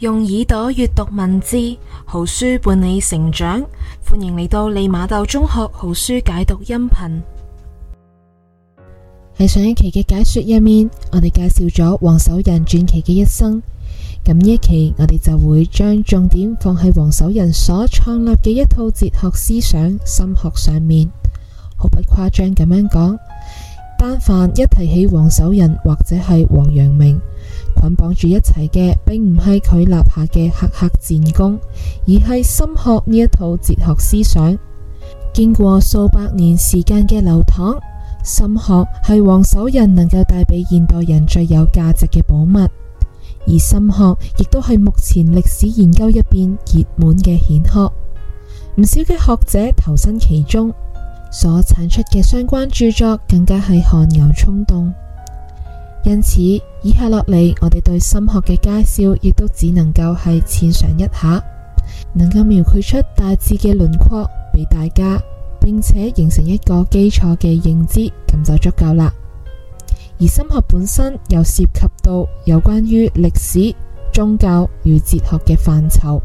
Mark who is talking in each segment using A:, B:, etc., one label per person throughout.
A: 用耳朵閱讀文字，好書伴你成長。歡迎嚟到利馬竇中學好書解讀音頻。喺上一期嘅解說入面，我哋介紹咗王守仁傳奇嘅一生。咁呢一期我哋就會將重點放喺王守仁所創立嘅一套哲學思想心學上面。毫不誇張咁樣講，單凡一提起王守仁或者係王陽明。捆綁住一齊嘅，並唔係佢立下嘅赫赫戰功，而係心學呢一套哲學思想。經過數百年時間嘅流淌，心學係王守仁能夠帶俾現代人最有價值嘅寶物，而心學亦都係目前歷史研究入邊熱門嘅顯學，唔少嘅學者投身其中，所產出嘅相關著作更加係汗牛充棟。因此，以下落嚟我哋對心學嘅介紹，亦都只能夠係淺嘗一下，能夠描繪出大致嘅輪廓俾大家，並且形成一個基礎嘅認知，咁就足夠啦。而心學本身又涉及到有關於歷史、宗教與哲學嘅範疇，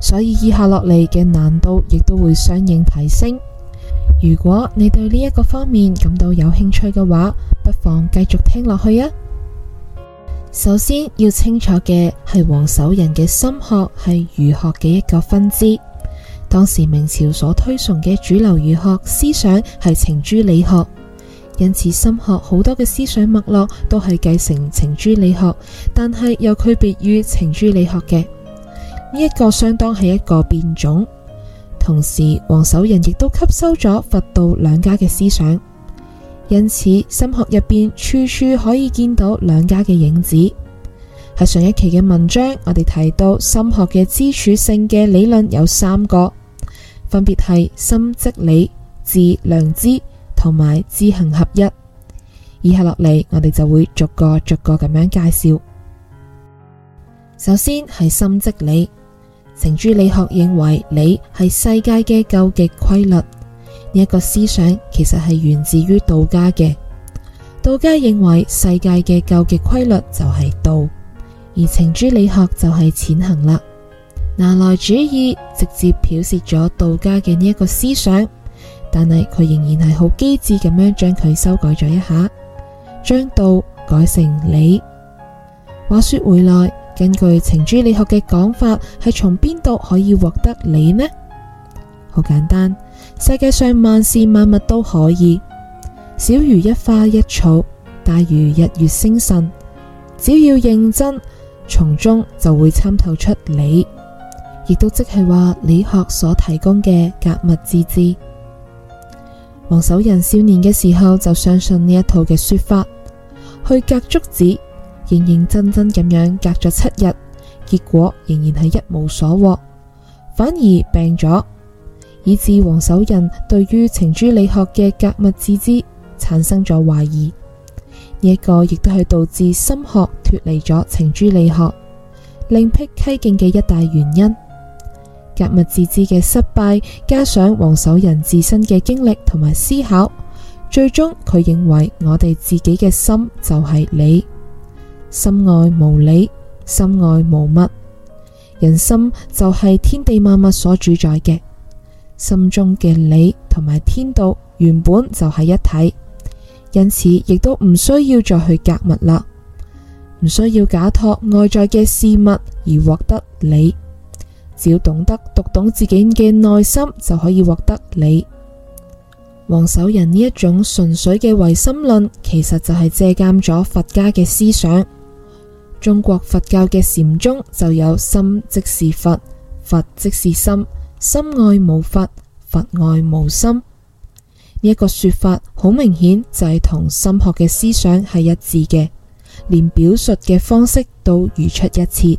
A: 所以以下落嚟嘅難度亦都會相應提升。如果你對呢一個方面感到有興趣嘅話，不妨繼續聽落去啊！首先要清楚嘅係王守仁嘅心學係儒學嘅一個分支。當時明朝所推崇嘅主流儒學思想係程朱理學，因此心學好多嘅思想脈絡都係繼承程朱理學，但係又區別於程朱理學嘅。呢一個相當係一個變種。同時，王守仁亦都吸收咗佛道兩家嘅思想，因此心學入邊處處可以見到兩家嘅影子。喺上一期嘅文章，我哋提到心學嘅支柱性嘅理論有三個，分別係心即理、致良知同埋知行合一。以下落嚟，我哋就會逐個逐個咁樣介紹。首先係心即理。程朱理學認為理係世界嘅究極規律，呢一個思想其實係源自於道家嘅。道家認為世界嘅究極規律就係道，而程朱理學就係淺行啦。拿來主義直接剽竊咗道家嘅呢一個思想，但係佢仍然係好機智咁樣將佢修改咗一下，將道改成理。話說回來。根據程朱理學嘅講法，係從邊度可以獲得理呢？好簡單，世界上萬事萬物都可以，小如一花一草，大如日月星辰，只要認真，從中就會參透出理，亦都即係話理學所提供嘅格物致知。王守仁少年嘅時候就相信呢一套嘅說法，去格竹子。認認真真咁樣隔咗七日，結果仍然係一無所獲，反而病咗，以致王守仁對於程朱理學嘅格物致知產生咗懷疑。呢一個亦都係導致心學脫離咗程朱理學，另辟蹊徑嘅一大原因。格物致知嘅失敗，加上王守仁自身嘅經歷同埋思考，最終佢認為我哋自己嘅心就係理。心外無理，心外無物，人心就係天地萬物所主宰嘅，心中嘅理同埋天道原本就係一體，因此亦都唔需要再去格物啦，唔需要假託外在嘅事物而獲得理，只要懂得讀懂自己嘅內心就可以獲得理。王守仁呢一種純粹嘅唯心論，其實就係借鑒咗佛家嘅思想。中國佛教嘅禪宗就有心即是佛，佛即是心，心外無佛，佛外無心呢一個說法，好明顯就係同心學嘅思想係一致嘅，連表述嘅方式都如出一轍。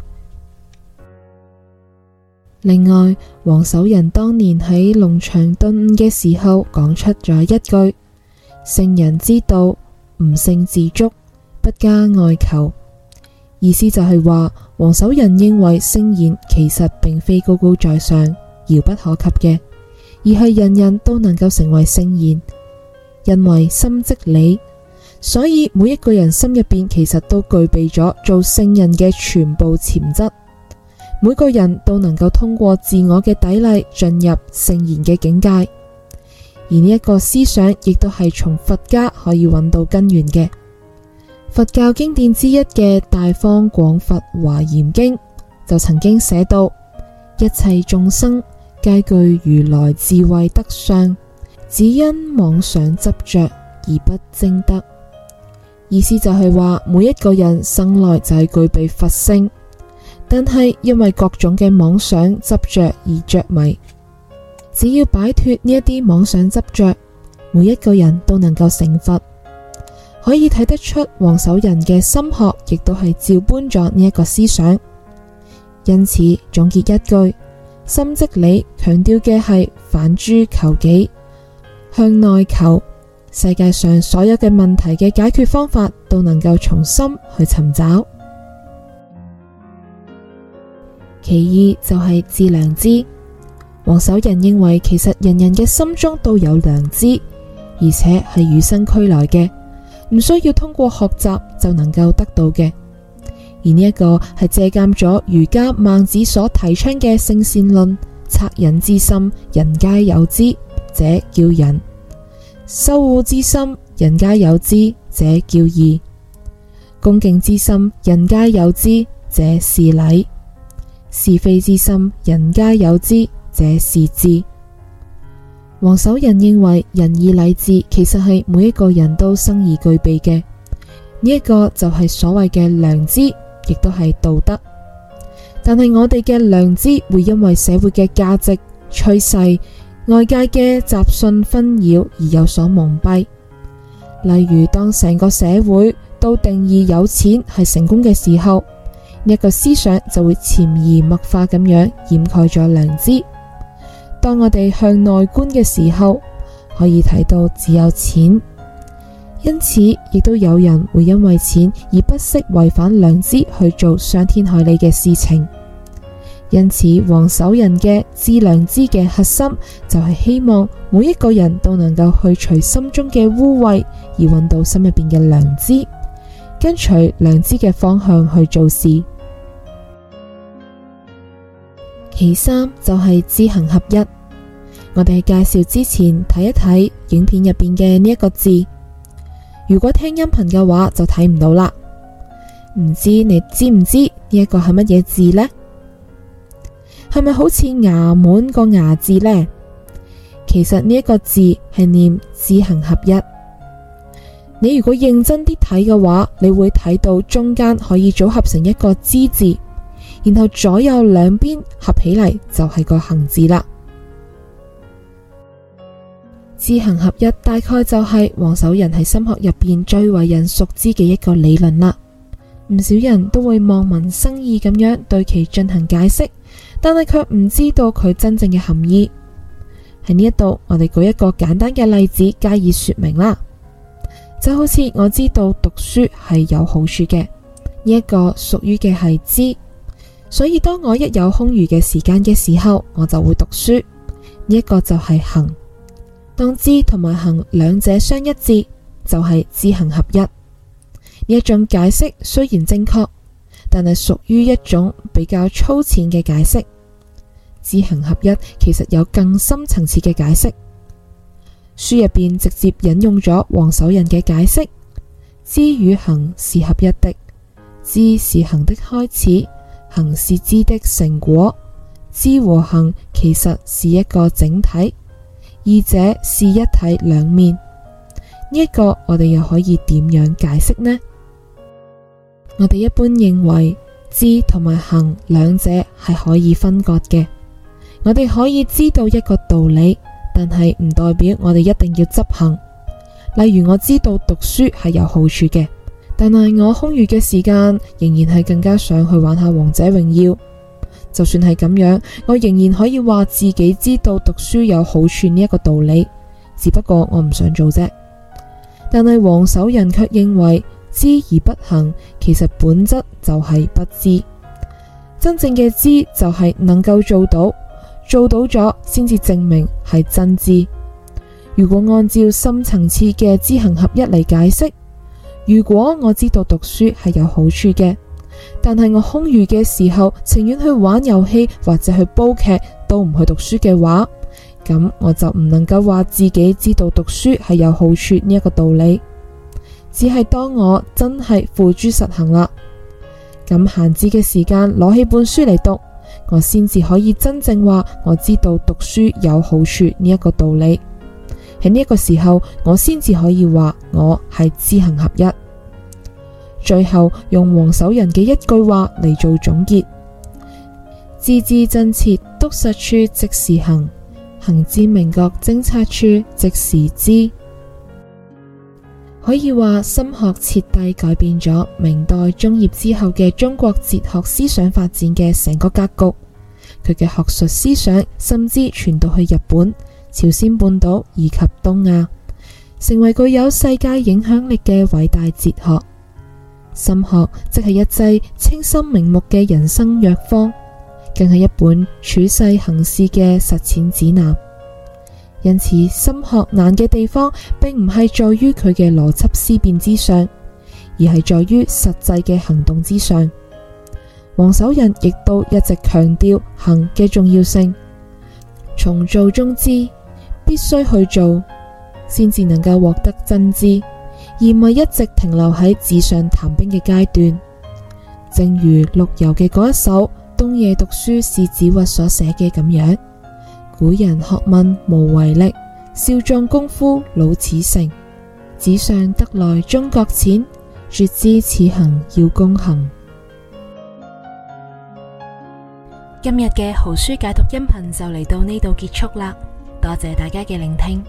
A: 另外，王守仁當年喺龍場頓悟嘅時候，講出咗一句聖人之道，吾性自足，不加外求。意思就係話，王守仁認為聖賢其實並非高高在上、遙不可及嘅，而係人人都能夠成為聖賢。因為心即理，所以每一個人心入邊其實都具備咗做聖人嘅全部潛質。每個人都能夠通過自我嘅砥礪進入聖賢嘅境界。而呢一個思想亦都係從佛家可以揾到根源嘅。佛教經典之一嘅《大方廣佛華嚴經》就曾經寫道：一切眾生皆具如來智慧德相，只因妄想執着而不證得。意思就係話，每一個人生來就係具備佛性，但係因為各種嘅妄想執着而着迷。只要擺脫呢一啲妄想執着，每一個人都能夠成佛。可以睇得出，王守仁嘅心學亦都係照搬咗呢一個思想。因此總結一句，心即理，強調嘅係反諸求己，向內求。世界上所有嘅問題嘅解決方法，都能夠從心去尋找。其二就係致良知。王守仁認為，其實人人嘅心中都有良知，而且係與生俱來嘅。唔需要通過學習就能夠得到嘅，而呢一個係借鑑咗儒家孟子所提倡嘅性善論：惻隱之心，人皆有之，這叫仁；羞惡之心，人皆有之，這叫義；恭敬之心，人皆有之，這是禮；是非之心，人皆有之，這是智。黃王守仁認為仁義禮智其實係每一個人都生而具備嘅，呢一個就係所謂嘅良知，亦都係道德。但係我哋嘅良知會因為社會嘅價值趨勢、外界嘅雜訊紛擾而有所蒙蔽。例如，當成個社會都定義有錢係成功嘅時候，一個思想就會潛移默化咁樣掩蓋咗良知。當我哋向內觀嘅時候，可以睇到只有錢，因此亦都有人會因為錢而不惜違反良知去做傷天害理嘅事情。因此，王守仁嘅致良知嘅核心就係、是、希望每一個人都能夠去除心中嘅污穢，而揾到心入邊嘅良知，跟隨良知嘅方向去做事。其三就係知行合一。我哋介紹之前睇一睇影片入邊嘅呢一個字。如果聽音頻嘅話就睇唔到啦。唔知你知唔知呢一個係乜嘢字呢？係咪好似衙門個衙字呢？其實呢一個字係念知行合一。你如果認真啲睇嘅話，你會睇到中間可以組合成一個知字。然後左右兩邊合起嚟就係、是、個行字啦。知行合一大概就係王守仁喺心學入邊最為人熟知嘅一個理論啦。唔少人都會望文生義咁樣對其進行解釋，但係卻唔知道佢真正嘅含義。喺呢一度，我哋舉一個簡單嘅例子加以說明啦。就好似我知道讀書係有好處嘅，呢一個屬於嘅係知。所以，當我一有空餘嘅時間嘅時候，我就會讀書。呢一個就係行。當知同埋行兩者相一致，就係、是、知行合一。呢一種解釋雖然正確，但係屬於一種比較粗淺嘅解釋。知行合一其實有更深層次嘅解釋。書入邊直接引用咗王守仁嘅解釋：知與行是合一的，知是行的開始。行是知的成果，知和行其實是一個整體，二者是一體兩面。呢一個我哋又可以點樣解釋呢？我哋一般認為知同埋行兩者係可以分割嘅，我哋可以知道一個道理，但係唔代表我哋一定要執行。例如我知道讀書係有好處嘅。但係我空餘嘅時間仍然係更加想去玩下王者榮耀，就算係咁樣，我仍然可以話自己知道讀書有好處呢一個道理，只不過我唔想做啫。但係王守仁卻認為知而不行，其實本質就係不知。真正嘅知就係能夠做到，做到咗先至證明係真知。如果按照深層次嘅知行合一嚟解釋。如果我知道讀書係有好處嘅，但係我空餘嘅時候，情願去玩遊戲或者去煲劇，都唔去讀書嘅話，咁我就唔能夠話自己知道讀書係有好處呢一個道理。只係當我真係付諸實行啦，咁閒置嘅時間攞起本書嚟讀，我先至可以真正話我知道讀書有好處呢一個道理。喺呢一個時候，我先至可以話我係知行合一。最後用王守仁嘅一句話嚟做總結：知之真切篤實處，即時行；行之明覺精察處，即時知。可以話心學徹底改變咗明代中葉之後嘅中國哲學思想發展嘅成個格局。佢嘅學術思想甚至傳到去日本。朝鮮半島以及東亞，成為具有世界影響力嘅偉大哲學。心學即係一劑清心明目嘅人生藥方，更係一本處世行事嘅實踐指南。因此，心學難嘅地方，並唔係在於佢嘅邏輯思辨之上，而係在於實際嘅行動之上。王守仁亦都一直強調行嘅重要性。從做中知。必須去做，先至能夠獲得真知，而唔係一直停留喺紙上談兵嘅階段。正如陸游嘅嗰一首《冬夜讀書是子侄》所寫嘅咁樣：古人學問無遺力，少壯功夫老此成。紙上得來中覺淺，絕知此行要躬行。今日嘅豪書解讀音頻就嚟到呢度結束啦。多謝大家嘅聆聽。